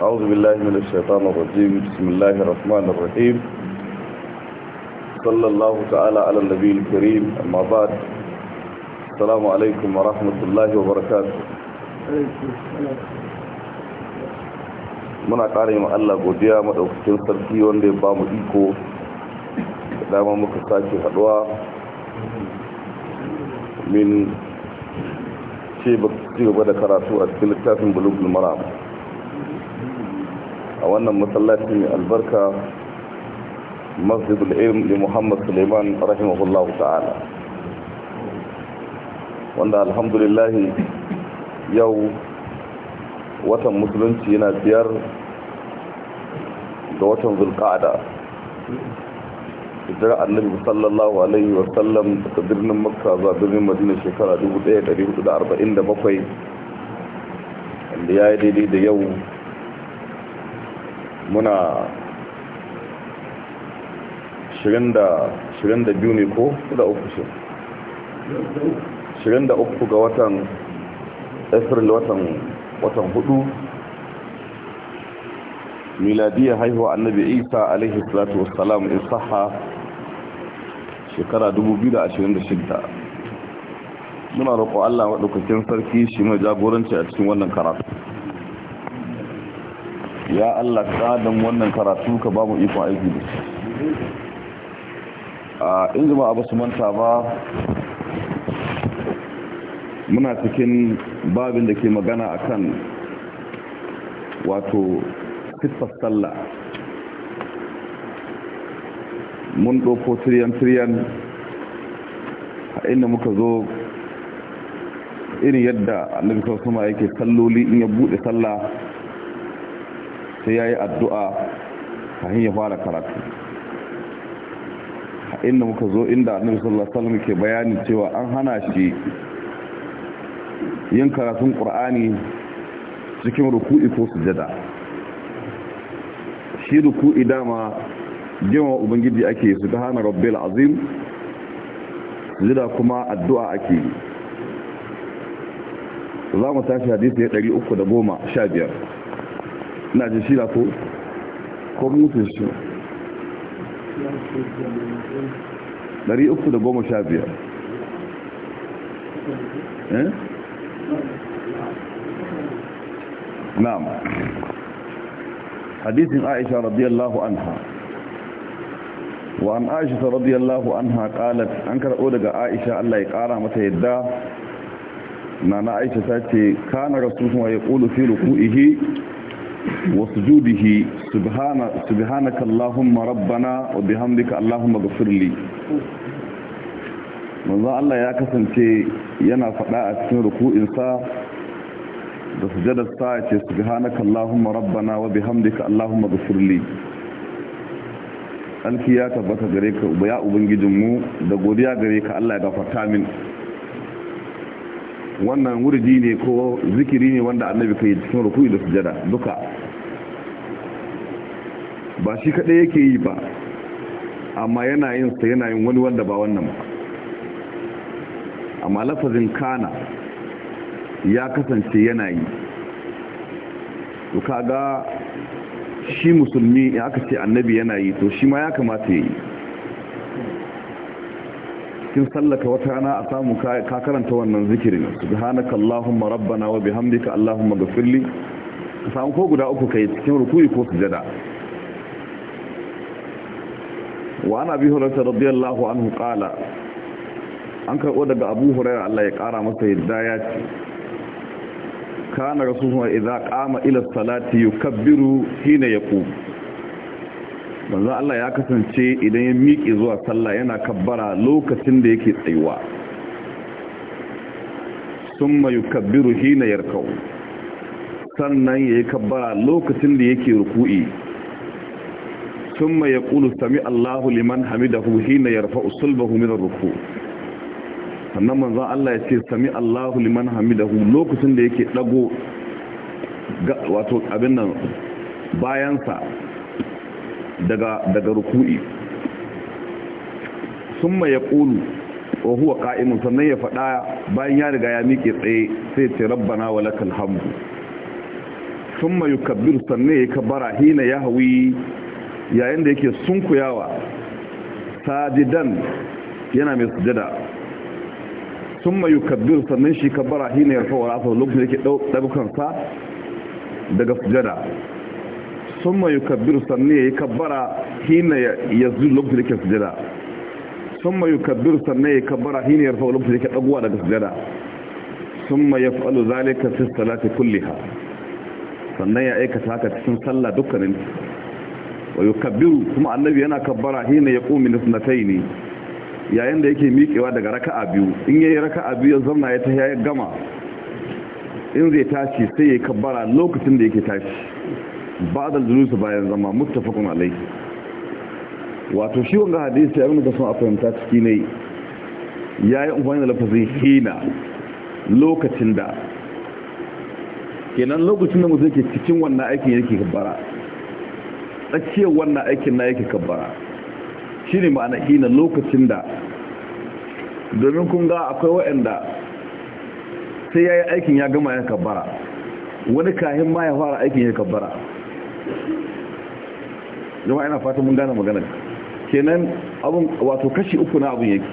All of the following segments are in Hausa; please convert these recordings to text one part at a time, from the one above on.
أعوذ بالله من الشيطان الرجيم بسم الله الرحمن الرحيم صلى الله تعالى على النبي الكريم أما بعد السلام عليكم ورحمة الله وبركاته من أقارن الله بوديا مدعوك تنسل كيوان دي بامو إيكو داما مكساكي حدوا من شيبك تيوبة كراتورة كلتاتن بلوك المرام من شيبك تيوبة a wannan masallaci mai albarka masjidul ilm da muhammad suleiman rahimahullahu ta'ala wanda alhamdulillah yau watan musulunci yana biyar ga watan zulqa'ada hijira annabi sallallahu alaihi wa sallam daga birnin makka zuwa birnin madina shekara 1447 inda ya yi daidai da yau muna 22 ne ko da uku shi 23 ga watan april watan watan hudu miladiyya haihuwa annabi isa alaihi salatu wassalam in saha shekara 2026 muna roƙo allah waɗaukakin sarki shi mai jagoranci a cikin wannan karatu ya Allah tsadan wannan karatu ka bamu ikon aiki da shi a in jama'a ba su manta ba muna cikin babin da ke magana akan wato siffar sallah mun ɗauko tiriyan-tiriyan a inda muka zo irin yadda annabi kawai sama yake salloli in ya buɗe sallah sai ya yi addu'a a ya fara karatu a inda muka zo inda annabi sallallahu alaihi wasallam ke bayani cewa an hana shi yin karatun qur'ani cikin ruku'i ko sujada shi ruku'i dama jima ubangiji ake su ta hana rabbil azim sujada kuma addu'a ake yi za mu tashi hadisi ya 315 na ji shida ko ko mutu da 315 eh na'am Hadithin aisha radiyallahu anha wa'an aisha aisha radiyallahu anha kalat an karɓo daga aisha Allah ya kara mata yadda na na aisha ta ce kana kuma ya ƙulufi fi ruku'ihi وسجوده سبحان سبحانك اللهم ربنا وبحمدك اللهم اغفر لي manzo Allah ya kasance yana faɗa a cikin ruku'insa da sujadar sa ce subhanaka allahumma rabbana wa bihamdika allahumma ghfir li alki ya tabbata gare ka ya ubangijin mu da godiya gare ka Allah ya gafarta min wannan wurdi ne ko zikiri ne wanda annabi kai cikin ruku'i da sujada duka ba shi kaɗai yake yi ba amma yana yin sa yana yin wani wanda ba wannan ba amma lafazin kana ya kasance yana yi to kaga shi musulmi ya aka ce annabi yana yi to shi ma ya kamata ya yi kin sallaka wata rana a samu ka karanta wannan zikirin subhanaka allahumma rabbana wa bihamdika allahumma ghfirli ka samu ko guda uku kai cikin rukui ko sujada wa ana bi hurata radiyallahu anhu qala an karɓo daga abu hurairar Allah ya ƙara masa yadda ya ce kana rasulun idza qama ila salati yukabbiru hina yaqum manzo Allah ya kasance idan ya miki zuwa sallah yana kabbara lokacin da yake tsayuwa summa yukabbiru hina yarkau sannan yayi kabbara lokacin da yake ruku'i thumma yaqulu sami Allahu liman hamidahu hina yarfa'u sulbahu min ar-ruku sannan manzo Allah ya ce sami Allahu liman hamidahu lokacin da yake dago wato abin nan bayansa daga daga ruku'i thumma yaqulu wa huwa qa'imun sannan ya fada bayan ya riga ya miƙe tsaye sai ce rabbana walakal hamdu thumma yukabbiru sannan ya kabara hina yahwi yayin da yake sunkuyawa sajidan yana mai sujada sun mayu kabbir sannan shi kabbara hina ya rufa wa lokacin da yake ɗaukansa daga sujada sun mayu kabbir sannan ya yi kabbara hina ya zu lokacin da yake sujada sun mayu kabbir sannan ya yi kabbara hina ya kawo lokacin da yake ɗaguwa daga sujada sun ma ya faɗo zalika fi salati kulliha sannan ya aikata haka cikin sallah dukkanin wa yukabbiru kuma annabi yana kabbara hina yaqumu min ne, yayin da yake miƙewa daga raka'a biyu in yayi raka'a biyu ya zauna ya tahiya ya gama in zai tashi sai ya kabbara lokacin da yake tashi ba'da julusu bayan zama muttafaqun alayhi wato shi wanga hadisi ya da sun fahimta ciki ne yayi umfani da lafazin hina lokacin da kenan lokacin da mutum yake cikin wannan aikin yake kabbara tsakiyar wannan aikin na yake kabbara shi ne ma'ana hina lokacin da domin kun ga akwai waɗanda sai ya yi aikin ya gama ya kabbara wani kahin ma ya fara aikin ya kabbara zama ina fata mun gane magana kenan abin wato kashi uku na abin yake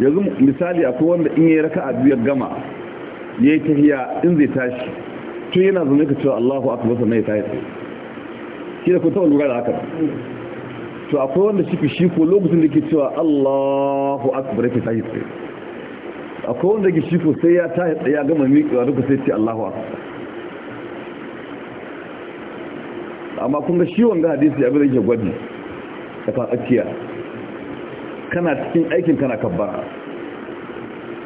yanzu misali akwai wanda in yi raka a biyar gama ya yi tahiya in zai tashi tun yana zaune ka cewa allahu akbar na ya tashi shi da kun lura da haka to akwai wanda shi shi ko lokacin da ke cewa Allahu akbar yake tashi tsaye akwai wanda ke shi ko sai ya tashi tsaye ya gama miƙewa duka sai ce Allahu akbar amma kun ga shi wanga hadisi abin da yake gwaji da akiya, kana cikin aikin kana kabbara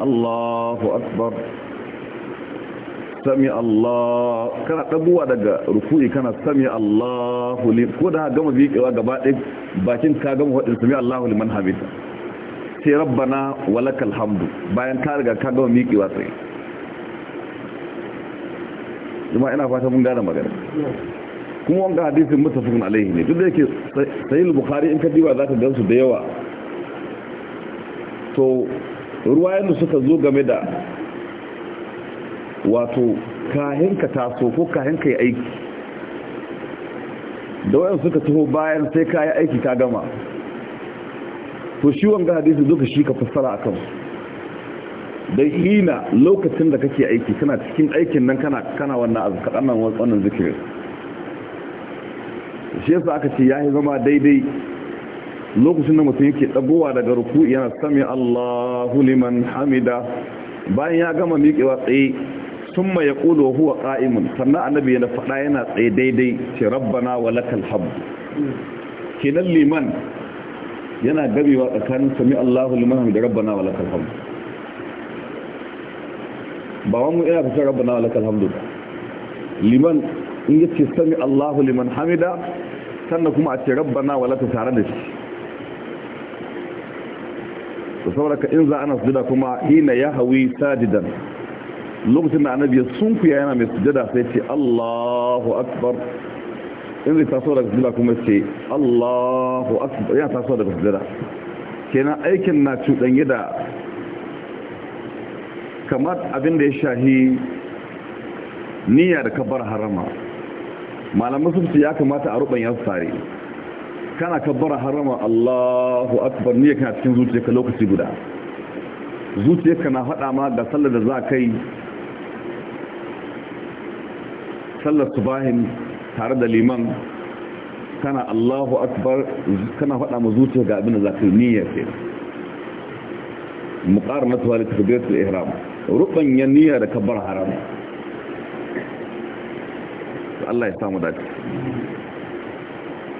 Allahu akbar sami Allah kana dabuwa daga rufu'i kana sami Allahu li ko da gama miƙewa gaba ɗaya bakin ka gama wa sami Allahu man habita sai rabbana walakal hamdu bayan ka riga ka gama miƙewa sai kuma ina fata mun gane magana kuma wanga hadisin mutafakun alaihi ne duk da yake sahih bukhari in ka diba ka gansu da yawa to ruwayan suka zo game da wato kahin taso ko kahin ka yi aiki da wayan suka taho bayan sai ka yi aiki ka gama to shi wanga hadisi duka shi ka fassara a kansu da hina lokacin da kake aiki kana cikin aikin nan kana kana wannan a kaɗannan wannan zikirin shi yasa aka ce ya yi zama daidai lokacin da mutum yake dabowa daga ruku yana sami allahu liman hamida bayan ya gama miƙewa tsaye sun ma wa huwa ƙa'imun sannan annabi yana faɗa yana tsaye daidai ce rabbana wa lakal habu kenan liman yana gabewa tsakanin sami allahu liman da rabbana wa lakal habu ba wa mu ina fitar rabbana wa lakal habu liman in yace sami allahu liman hamida sannan kuma a ce rabbana wa lakal tare da shi saboda ka in za ana sujuda kuma hina ya hawi sajidan lokacin da annabi ya sunkuya yana mai sujada sai ce Allahu akbar in zai taso daga sujada kuma ce Allahu akbar yana taso daga sujada kenan aikin na cuɗanye da kamar abin da ya shahi niyyar kabar harama malamin ce ya kamata a ruban yan tsari kana kabar harama Allahu akbar niyya kana cikin zuciyarka lokaci guda zuciyarka na faɗa ma da sallar da za kai sallar subahin tare da liman kana Allahu akbar kana faɗa mu zuciya ga abin da za ka yi niyya ke muqarna tuwa li takbiratul ihram ruban ya niyya da kabbar haram Allah ya samu dace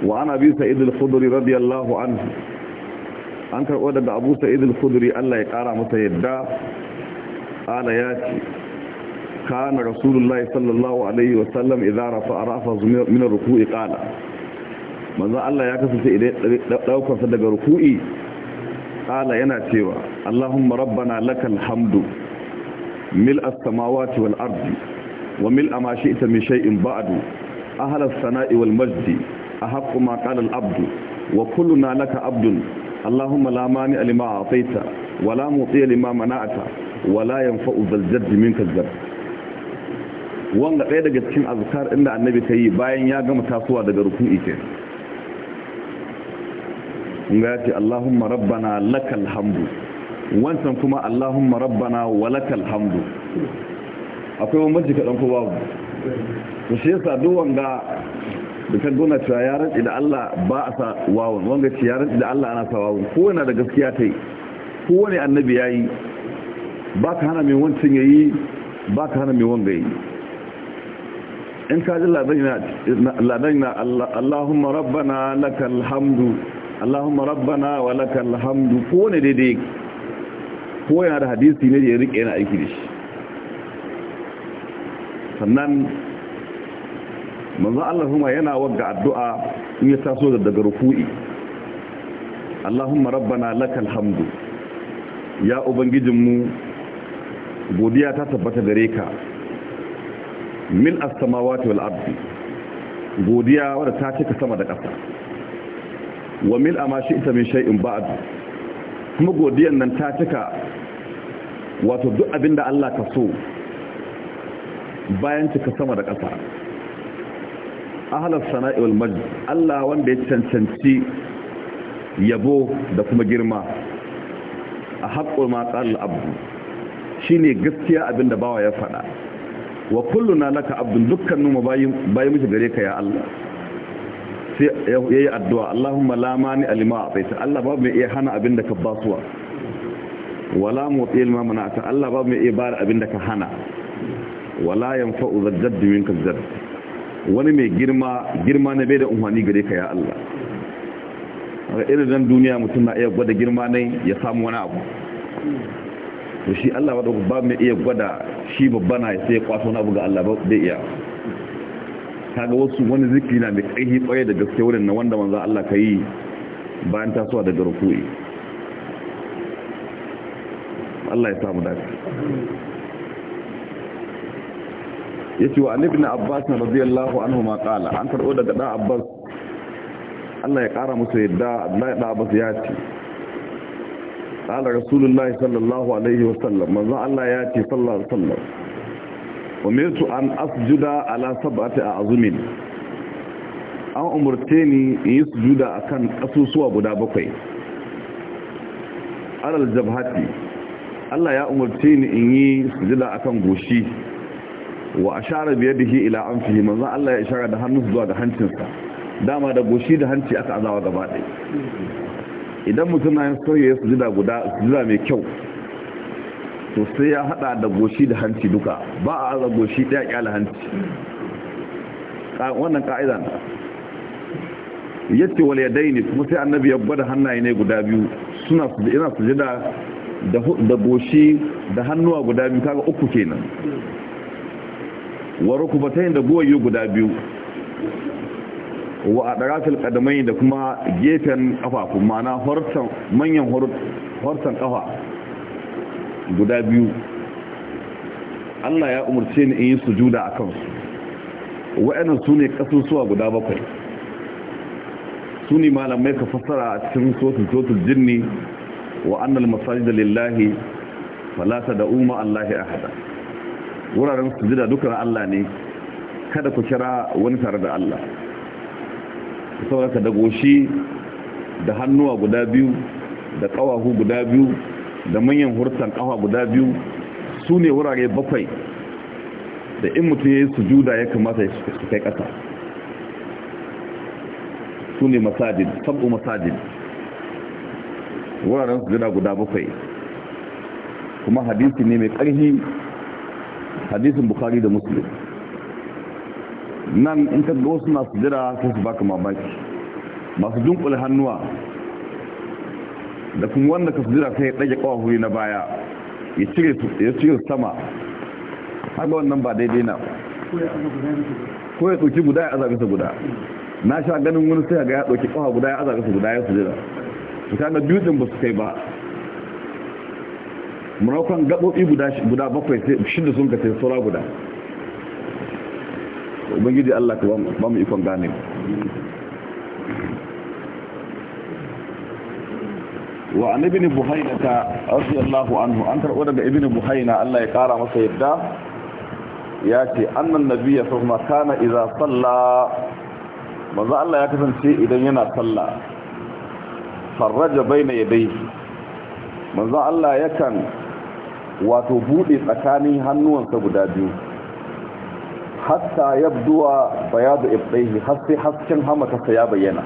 wa ana bi sa'id al-khudri radiyallahu anhu an karɓo daga abu sa'id al-khudri Allah ya ƙara masa yadda ala ya ce كان رسول الله صلى الله عليه وسلم إذا رفع رأسه من الركوع قال ماذا الله يكفي دوكا صدق ركوعي قال ينا تيوا اللهم ربنا لك الحمد ملء السماوات والأرض وملء ما شئت من شيء بعد أهل الثناء والمجد أحق ما قال العبد وكلنا لك عبد اللهم لا مانع لما أعطيت ولا مطيع لما منعت ولا ينفع ذا الجد منك الجد wanda ɗaya daga cikin azkar inda annabi ta yi bayan ya gama tasowa daga rukun'i ke ga ce Allahumma rabbana lakal hamdu wancan kuma Allahumma rabbana wa lakal hamdu akwai majika ɗan ko ba to shi yasa duk wanga da kan gona cewa ya rantsi da Allah ba a sa wawon wanga ce ya rantsi da Allah ana sa wawon kowane da gaskiya ta yi kowane annabi ya yi ba ka hana mai wancan ya yi ba ka hana mai wanga ya yi in ka ji ladan na Allahumma rabbana lakal hamdu Allahumma rabbana wa lakal hamdu ko ne daidai ko yana da hadisi ne da ya rike yana aiki da shi sannan manzo kuma yana wagga addu'a in ya taso daga ruku'i Allahumma rabbana lakal hamdu ya ubangijinmu godiya ta tabbata gare ka min as-samawati wal ardi godiya wanda ta cika sama da ƙasa wa mil amma shi ita min shay'in ba'd kuma godiyan nan ta cika wato duk abinda Allah ka so bayan cika sama da ƙasa ahlus sana'i wal majd Allah wanda ya cancanci yabo da kuma girma a haƙƙul ma qala al-abd shine gaskiya abinda bawa ya faɗa wa kulluna laka abdun dukkanin mu bayi muke gare ka ya Allah sai yayi addu'a Allahumma la mani alima ataita Allah babu mai iya hana abin da ka basuwa wala mutsi mana ta Allah babu mai iya bar abin da ka hana wala yanfa'u zajjadd minka zadd wani mai girma girma ne bai da umhani gare ka ya Allah a irin duniya mutum na iya gwada girma ne ya samu wani abu to shi Allah wadda ba mai iya gwada shi babba na sai kwaso na buga Allah bai iya kaga wasu wani zikri na mai kaihi ƙwaye da gaske wurin na wanda manzo Allah ka yi bayan tasowa daga rukui Allah ya samu dace yace wa ibn Abbas radiyallahu anhu ma qala an karbo daga da Abbas Allah ya kara musu yadda Allah ya da Abbas ya ce qala rasulullahi sallallahu alaihi wasallam manzo Allah ya ce sallallahu alaihi wasallam umirtu an asjuda ala sab'ati a'zumin an umurce ni in yi sujuda akan kasusuwa guda bakwai alal jabhati Allah ya umurce ni in yi sujuda akan goshi wa ashara da yadihi ila anfihi manzo Allah ya ishara da hannu zuwa da hancinsa dama da goshi da hanci aka azawa gaba idan mutum na yin sauye su jida guda jida mai kyau to sai ya hada da goshi da hanci duka ba a aza goshi ɗaya kyala hanci wannan ka'idan wale ya daini kuma sai annabi ya bada hannaye ne guda biyu suna su ina da da goshi da hannuwa guda biyu kaga uku kenan wa rukubatayn da goyi guda biyu wa a ɗarafil ƙadamai da kuma gefen ƙafafu mana manyan hortan ƙafa guda biyu Allah ya umarce ni in yi juda a kansu wa'annan su ne ƙasusuwa guda bakwai su ne malamai ka fassara a cikin sotul jinni wa annal da lillahi falata da umma Allahi hada. wuraren su sujuda dukkan Allah ne kada ku kira wani tare da Allah sauraka da goshi da hannuwa guda biyu da ƙawahu guda biyu da manyan hurtan kawa guda biyu su ne wurare bakwai da in mutum ya yi sujuda ya kamata ya su kai ƙasa su ne masajin, sabu masajin. wuraren sujuda guda bakwai kuma hadisi ne mai karhi hadisin bukari da musulun nan in ka ga wasu masu jira sai su baka mamaki masu dunkule hannuwa da kuma wanda ka su jira sai ya ɗage ƙawahu na baya ya cire sama haka wannan ba daidai na ko ya ɗauki guda ya azabi sa guda na sha ganin wani sai ga ya ɗauki ƙawa guda ya azabi sa guda ya su jira su kaga biyu ɗin ba su kai ba murakon gaɓoɓi guda bakwai shida sun ka sai saura guda ubangiji Allah ka ba mu ikon gane wa an ibn buhayna ta radiyallahu anhu an karbo daga ibn buhayna Allah ya kara masa yadda ya ce annan nabiyya fa ma kana idza salla manzo Allah ya kasance idan yana salla farraja bayna yadayhi manzo Allah yakan wato bude tsakanin hannuwansa guda biyu hatta yabduwa bayadu ibdaihi har sai hasken hamata ya bayyana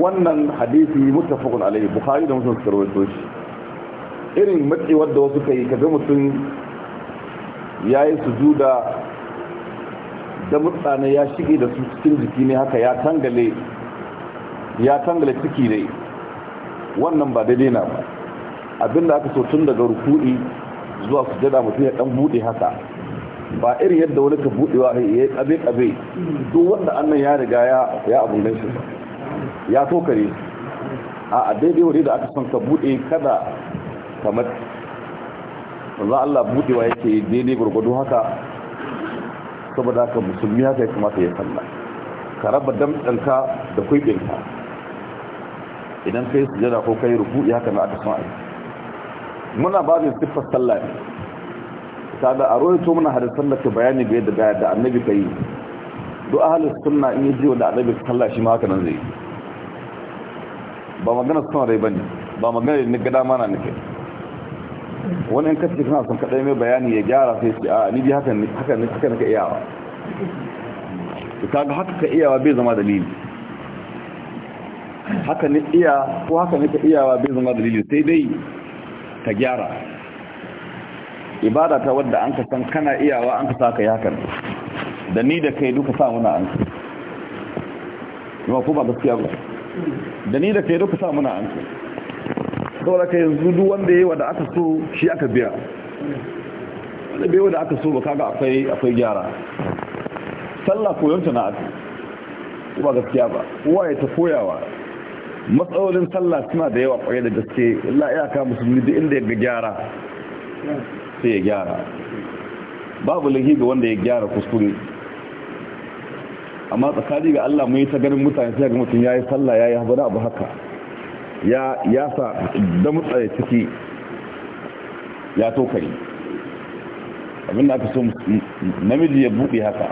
wannan hadisi muttafaqun alaihi bukhari da muslim suka rawaito shi irin matsi wadda wasu kai kaga mutum yayi sujuda da mutane ya shige da su cikin jiki ne haka ya tangale ya tangale ciki ne wannan ba daidai na ba abinda aka so tun daga ruku'i zuwa su sujada mutum ya dan bude haka ba irin yadda wani ka buɗewa ya yi ƙabe-ƙabe duk wanda annan ya riga ya abin shi ya kare a daidai wani da aka son ka buɗe kada kamar za Allah buɗewa yake daidai gurgudu haka saboda haka musulmi haka ya kamata ya kalla ka raba damɗanka da kwiɓinka idan ka yi sujada ko ka yi rubu, ya na aka son a yi muna zai siffar sallah ne kaga a rawaito mana hadisan da ka bayani da yadda da annabi kai duk ahlus sunna in yi wa da annabi ta kalla shi ma haka nan zai ba magana sun rai bane ba magana ne ga dama na nake wani in kace kana son kadai mai bayani ya gyara sai ce a ni bi haka ne haka ne haka nake iyawa kaga haka ka iyawa bai zama dalili haka ne iya ko haka ne ka iyawa bai zama dalili sai dai ka gyara ibada ta wadda an ka san kana iyawa an ka sa ka yakan da ni da kai duka sa muna an kuma ko ba gaskiya ba da ni da kai duka sa muna an saboda kai yanzu duk wanda yayi wanda aka so shi aka biya wanda bai wanda aka so ba kaga akwai akwai gyara sallah ta na aka ba gaskiya ba uwa ya ta koyawa matsalolin sallah suna da yawa kwaye da gaske illa iyaka musulmi duk inda ya ga gyara sai ya gyara babu lahi ga wanda ya gyara kuskure amma tsakani ga Allah mai ta ganin mutane sai ga mutum yayi sallah yayi habara abu haka ya ya sa da mutsaye ciki ya kai abinda aka so namiji ya bude haka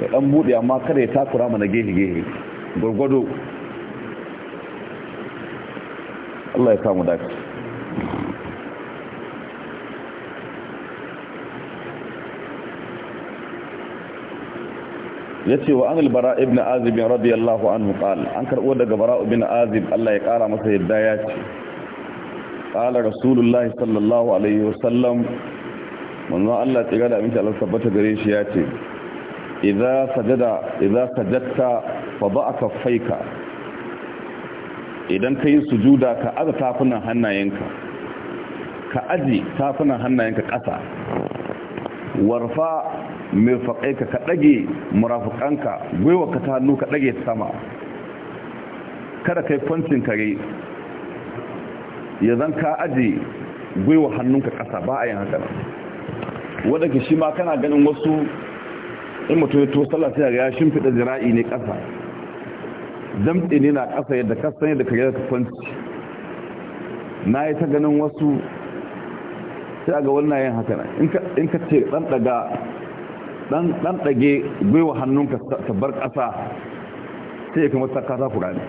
ya dan bude amma kada ya takura mana gehe gehe gurgudu Allah ya samu dafi Ya ce wa anil bara ibn azib ya anhu qala an karɓo daga bara ibn azib Allah ya kara masa yadda ya ce ƙala rasulullah sallallahu alaihi wasallam manzo Allah ya gada aminci Allah tabbata gare shi ya ce idza sajada idza sajadta fada'a kaffayka idan ka yi sujuda ka aza tafunan hannayenka ka aji tafunan hannayenka ƙasa warfa mirfaƙai ka ka ɗage murafukanka gwiwa ka ta hannu ka ɗage sama kada kai kwancin kare ya zan ka aji gwiwa hannunka ƙasa ba a yin haka waɗanda shi ma kana ganin wasu in mutum ya to sallah sai ga ya shimfiɗa jira'i ne ƙasa damɗe ne na ƙasa yadda kasan yadda kare ka kwanci na yi ta ganin wasu sai ga wannan yin haka in ka ce ɗan ɗaga dan dage gwiwa hannunka ta bar ƙasa sai ya ta kasa kura ne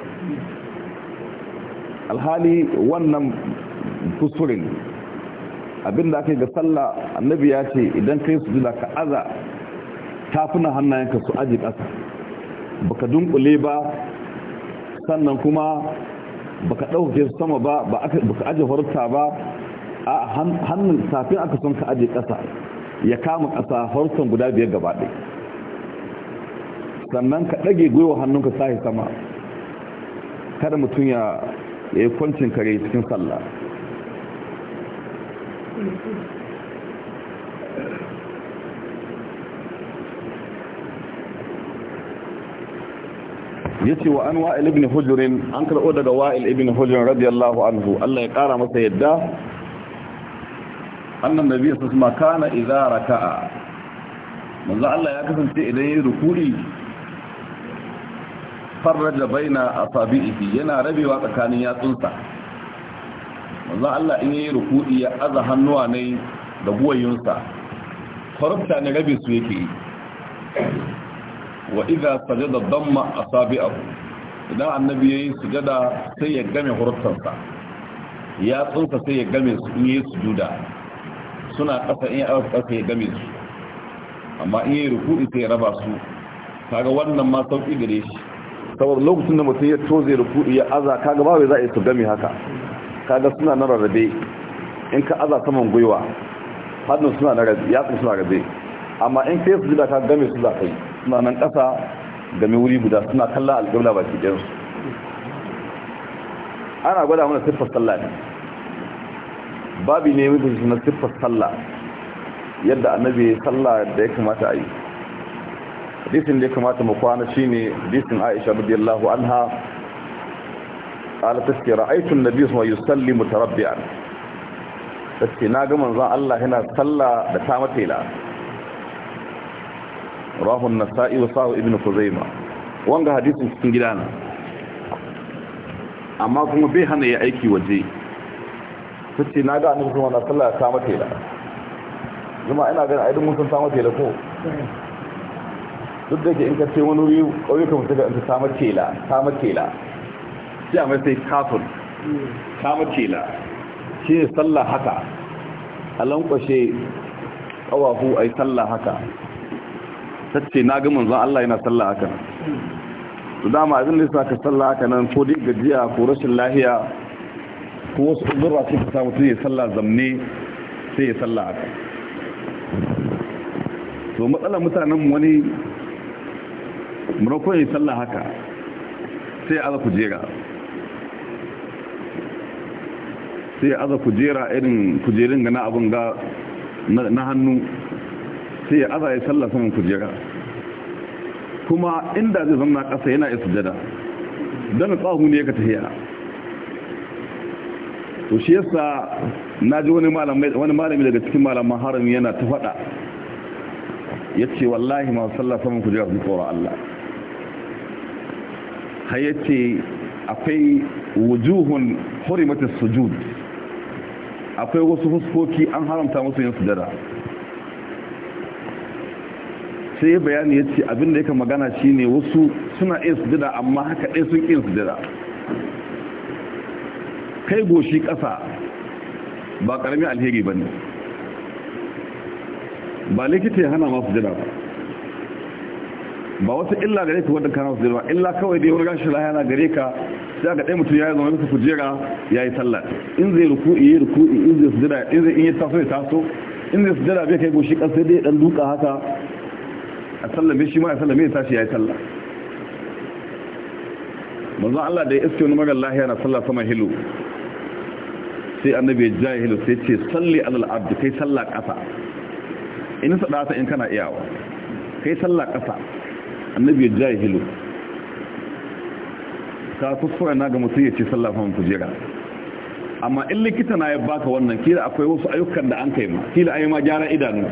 alhali wannan kusurin abinda aka yi ga sallah annabi ya ce idan ka yi su jula ka aza tafuna hannayenka su aji ƙasa baka dunkule ba sannan kuma baka ɗauke sama ba baka aji farta ba a hannun safin aka son ka aje ƙasa ya kama ƙasa harsun guda biyar gaba ɗai sannan ka ɗage gwiwa hannunka sahi sama kada mutum ya yi kwancin kare cikin sallah ya ce wa an wa'il ibn hujjurin an karɓo daga wa'il ibn hujjurin radiyallahu anhu Allah ya ƙara masa yadda annan da sallallahu alaihi wasallam kana idza ka'a. manzo Allah ya kasance idan yayi rukuri farraja baina a asabihi yana rabewa tsakanin yatsunsa manzo Allah in yi rukuri ya aza hannuwa ne da guwayunsa farfta ne rabe su yake yi wa idza sajada damma a asabi'ahu idan annabi ya yayi sujada sai ya game hurtansa yatsunsa sai ya game su in yayi sujuda suna ƙasa in arab ƙasa ya game su amma in yi ruku'i sai ya raba su kaga wannan ma sauƙi gare shi saboda lokacin da mutum ya toze ruku ya aza kaga ba za a yi su game haka kaga suna na rarrabe in ka aza saman gwiwa hannun suna na rabe yatsun suna rarrabe amma in ka yi su ka game su za ka yi suna nan ƙasa game wuri guda suna kalla kallon alƙibla baki su ana gwada mana siffar sallah ne babi ne mutum na siffar sallah yadda annabi ya sallah da ya kamata a yi hadisin da ya kamata mu kwana shi ne hadisin Aisha radiyallahu anha qala taski ra'aytu an-nabiy sallallahu alaihi wasallam taske na gama manzon Allah yana sallah da ta matela rahun na nasai wa sahu ibn kuzaima wanga hadisin cikin gida gidana amma kuma bai hana ya aiki waje sun ce na ga annabi wannan sallah ta mata ila kuma ina ganin aidin mun san ta mata ila ko duk da ke in ka ce wani wuri ƙauyuka mutu ga ta samar tela samar tela shi a mai sai kafin samar tela shi ne sallah haka a lankwashe ƙawafu a yi sallah haka ta ce na ga manzan Allah yana sallah haka su dama abin da sa ka sallah haka nan ko duk gajiya ko rashin lahiya to wasu uzurra ce fita mutum ya salla zamne sai ya salla kai to matsalar mutanen wani murakon ya salla haka sai ya aza kujera sai ya aza kujera irin kujerin gana abin ga na hannu sai ya aza ya salla saman kujera kuma inda zai zama na ƙasa yana jada, don tsawo ne ya ka tafiya to shi yasa na ji wani malami daga cikin malaman haram yana ta faɗa ya ce wallahi masu sallah saman wa Allah har ya akwai wujuhun mata sujud akwai wasu fuskoki an haramta musu yin sujada sai bayani ya ce abinda yaka magana shine wasu suna iya sujada amma haka ɗaya sun iya sujada kai goshi ƙasa ba ƙarami alheri ba ne ba likita ya hana masu jira ba ba wasu illa gare ka wadda kana su jira ba illa kawai dai wurga shi lahana gare ka sai ga ɗaya mutum ya yi zama su kujera ya yi sallah in zai ruku ya ruku in zai jira in zai in yi taso ya taso in zai su jira bai kai goshi ƙasa dai ɗan duka haka a sallame shi ma a sallame ya tashi ya yi sallah manzon Allah da ya iske wani magan lahiya na sallah sama hilu sai annabi ya jahilu sai ce salli alal abdi kai sallah kasa in da ta in kana iyawa kai sallah kasa annabi ya jahilu ka kusura na ga mutum ya ce salla fa jira amma in likita na ya baka wannan kila akwai wasu ayyukan da an kai ma kila ayi ma gyara idanu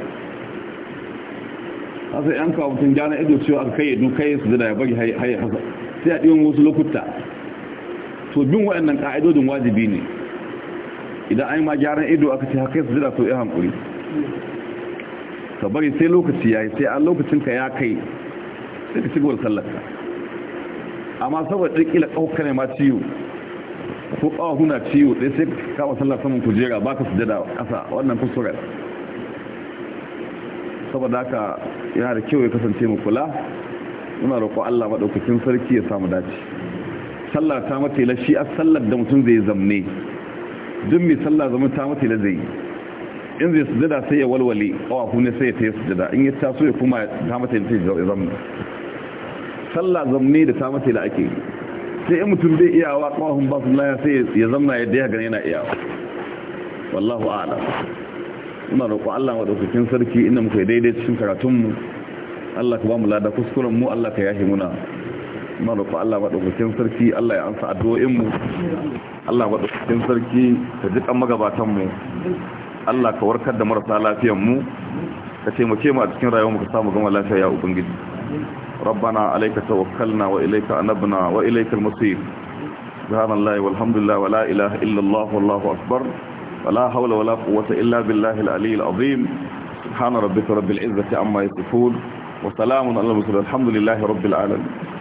sai an kawo mutum gyara ido cewa aka kai ya kai su da ya bari haye hasa sai a ɗiyon wasu lokuta to bin waɗannan ka'idodin wajibi ne idan an yi ma gyaran ido aka ce haka zira to ya hankuri ka bari sai lokaci ya yi sai an lokacinka ya kai sai ka cigowar sallarka amma saboda ɗirƙila ƙauka ne ma ciwo ko ƙawa huna ciwo ɗai sai ka kama sallar saman kujera ba ka jada ƙasa wannan kusurar saboda haka yana da kyau ya kasance mu kula muna roƙo Allah maɗaukakin sarki ya samu dace sallar ta mataila shi a sallar da mutum zai zamne duk mai sallah zama ta mata zai in zai sujada sai ya walwale awa ne sai ya ta yi sujada in ya taso ya kuma ta mata yin sai zamna sallah zamne da ta mata la ake yi sai in mutum bai iyawa kawahun ba su laya sai ya zamna yadda ya gani yana iyawa wallahu ala ina roƙo Allah wa ɗaukakin sarki inda muka daidai cikin karatunmu Allah ka ba mu lada kuskuren mu Allah ka yashi muna ina roƙo Allah wa ɗaukakin sarki Allah ya ansa addu'o'in mu Allah wa cikin sarki ka ji kan magabatan mu Allah ka warkar da marasa lafiyar mu ka taimake mu a cikin rayuwar mu ka samu gama lafiya ya ubangiji ربنا عليك توكلنا وإليك أنبنا وإليك المصير سبحان الله والحمد لله ولا إله إلا الله والله أكبر ولا حول ولا قوة إلا بالله العلي العظيم سبحان ربك رب العزة عما يصفون وسلام على المرسلين الحمد لله رب العالمين